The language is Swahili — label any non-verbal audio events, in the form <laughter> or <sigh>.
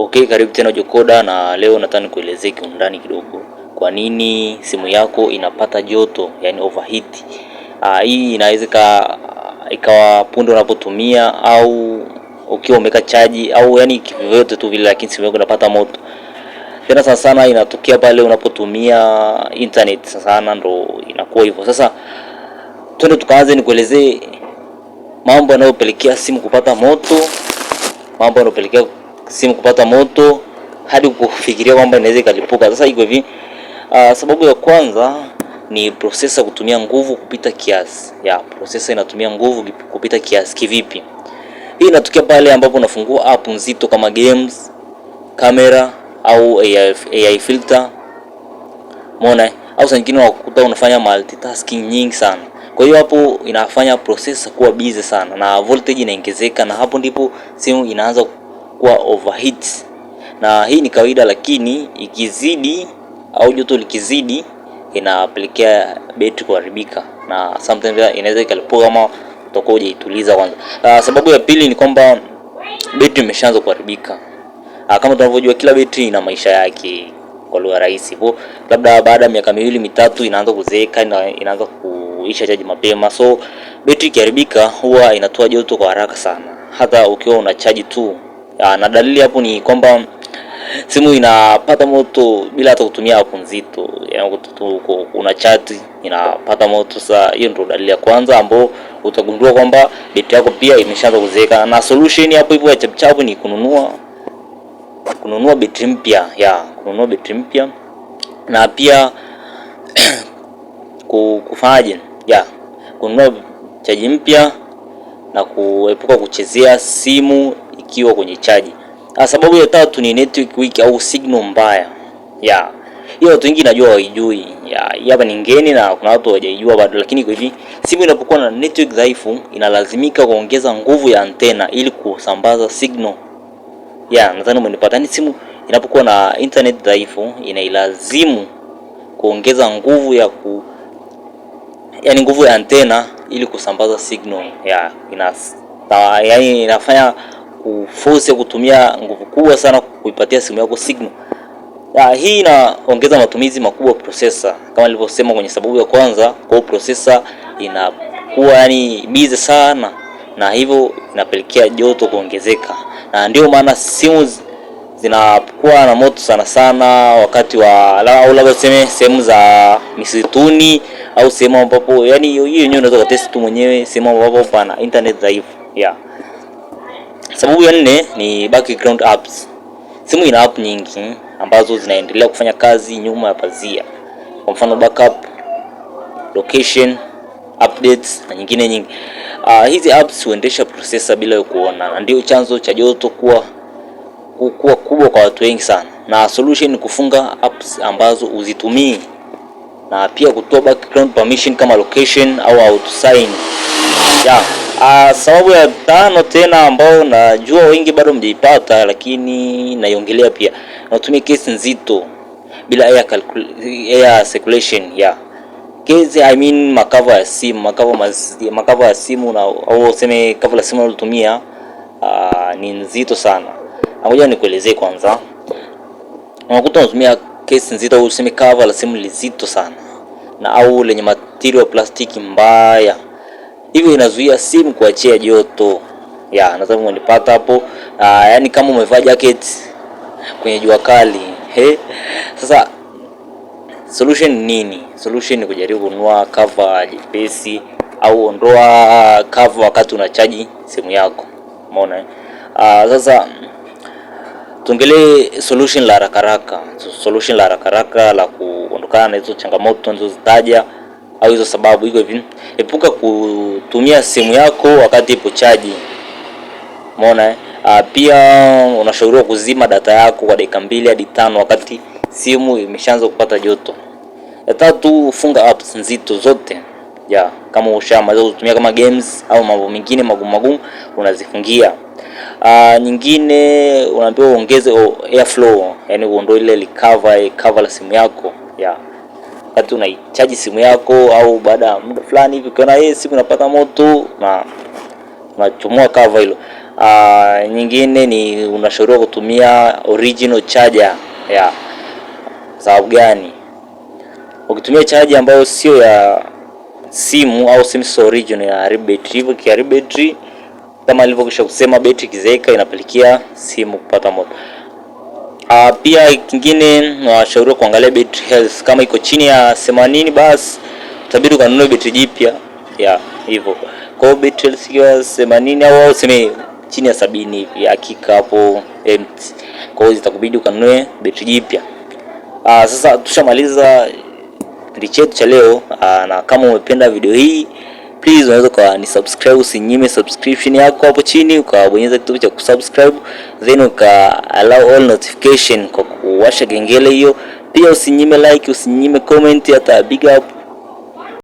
Okay, karibu tena Jokoda, na leo nataka nikuelezee kiundani kidogo kwa nini simu yako inapata joto, yani overheat. Aa, ah, hii inaweza ikawa punde unapotumia au ukiwa umeka chaji au yani kivyovyote tu vile, lakini simu yako inapata moto. Tena sana sana inatokea pale unapotumia internet sana, ndo inakuwa hivyo. Sasa twende tukaanze, nikuelezee mambo yanayopelekea simu kupata moto, mambo yanayopelekea simu kupata moto hadi kufikiria kwamba inaweza ikalipuka. Sasa iko hivi, uh, sababu ya kwanza ni prosesa kutumia nguvu kupita kiasi. Ya prosesa inatumia nguvu kupita kiasi kivipi? Hii inatokea pale ambapo unafungua app nzito kama games, kamera au AI, AI filter mona, au saa nyingine unakuta unafanya multitasking nyingi sana. Kwa hiyo hapo inafanya prosesa kuwa busy sana na voltage inaongezeka, na hapo ndipo simu inaanza kuwa overheat, na hii ni kawaida, lakini ikizidi au joto likizidi inapelekea betri kuharibika na sometimes inaweza ikalipuka kama utakuwa hujaituliza kwanza. Uh, sababu ya pili ni kwamba betri imeshaanza kuharibika. Uh, kama tunavyojua kila betri ina maisha yake kwa lugha rahisi. Kwa labda baada ya miaka miwili mitatu inaanza kuzeeka na inaanza kuisha chaji mapema. So betri ikiharibika huwa inatoa joto kwa haraka sana. Hata ukiwa una chaji tu Ah, na dalili hapo ni kwamba simu inapata moto bila hata kutumia hapo nzito, yaani una chat inapata moto. Sasa hiyo ndio dalili ya kwanza ambao utagundua kwamba beti yako pia imeshaanza kuzeeka, na solution hapo hivyo ya chapchapu ni kununua kununua beti mpya ya kununua beti mpya na pia <clears throat> kufanyaje, ya kununua chaji mpya na kuepuka kuchezea simu ukiwa kwenye chaji. Ah, sababu ya tatu ni network weak au signal mbaya ya hiyo, watu wengi najua waijui ya hapa ni ngeni na kuna watu hawajaijua bado, lakini kwa hivi simu inapokuwa na network dhaifu inalazimika kuongeza nguvu ya antena ili kusambaza signal ya. Nadhani umenipata. Ni yaani simu inapokuwa na internet dhaifu inailazimu kuongeza nguvu ya ku yani nguvu ya antena ili kusambaza signal ya ina, ta, yaani inafanya kuforce kutumia nguvu kubwa sana kuipatia simu yako signal. Ya, hii inaongeza matumizi makubwa processor. Kama nilivyosema kwenye sababu ya kwanza, kwa processor inakuwa yani busy sana na hivyo inapelekea joto kuongezeka, na ndio maana simu zinakuwa na moto sana sana wakati wa au labda tuseme sehemu za misituni au sehemu ambapo yani, hiyo yenyewe unaweza kutest tu mwenyewe, sehemu ambapo pana internet dhaifu yeah. Sababu ya nne ni background apps. Simu ina app nyingi ambazo zinaendelea kufanya kazi nyuma ya pazia, kwa mfano backup, location, updates na nyingine nyingi. Uh, hizi apps huendesha processor bila kuona, na ndio chanzo cha joto kuwa kuwa kubwa kwa watu wengi sana, na solution ni kufunga apps ambazo uzitumii na pia kutoa background permission kama location au auto sign yeah. Uh, sababu ya tano tena ambao najua wengi bado mjaipata, lakini naiongelea pia, natumia kesi nzito bila air, air circulation ya yeah. Kesi I mean makava ya simu makava, makava ya simu na au useme kava la simu nalotumia uh, ni nzito sana. Ngoja nikuelezee kwanza, unakuta unatumia kesi nzito au useme kava la simu lizito sana na au lenye material ya plastiki mbaya hivyo inazuia simu kuachia joto. Ya, nadhani unipata hapo. Aa, ah, yani kama umevaa jacket kwenye jua kali. He? Sasa solution nini? Solution ni kujaribu kununua cover jepesi au ondoa cover wakati unachaji simu yako. Umeona? Ah, sasa tuongelee solution la haraka haraka. Solution la haraka haraka la kuondokana na hizo changamoto nilizozitaja au hizo sababu. Hivyo hivi, epuka kutumia simu yako wakati ipo chaji, umeona eh? Ah, pia unashauriwa kuzima data yako kwa dakika mbili hadi tano wakati simu imeshaanza kupata joto. Ya tatu, funga apps nzito zote ya kama ushamaliza kutumia kama games au mambo mengine magumu magumu unazifungia. Aa, ah, nyingine unaambiwa uongeze airflow, yani uondoe ile cover cover la simu yako ya wakati unaichaji simu yako au baada ya muda fulani hivi, ukiona yeye eh, simu inapata moto na unachomoa cover hilo. Aa, ah, nyingine ni unashauriwa kutumia original charger ya sababu gani? Ukitumia charger ambayo sio ya simu au simu sio original, haribu battery. Hivyo kiharibu battery, kama ilivyokwisha kusema, battery kizeeka inapelekea simu kupata moto. Uh, pia kingine nawashauriwa kuangalia battery health, kama iko chini ya 80 basi tabidi ukanunue betri jipya yeah, hivyo. Kwa hiyo battery health ikiwa 80 au au sema chini ya sabini hivi, hakika hapo empty. Kwa hiyo zitakubidi ukanunue betri jipya. Uh, sasa tushamaliza chetu cha leo uh, na kama umependa video hii please unaweza ukanisubscribe, usinyime subscription yako hapo chini, ukabonyeza kitufe cha kusubscribe then uka allow all notification kwa kuwasha kengele hiyo. Pia usinyime like, usinyime comment, hata big up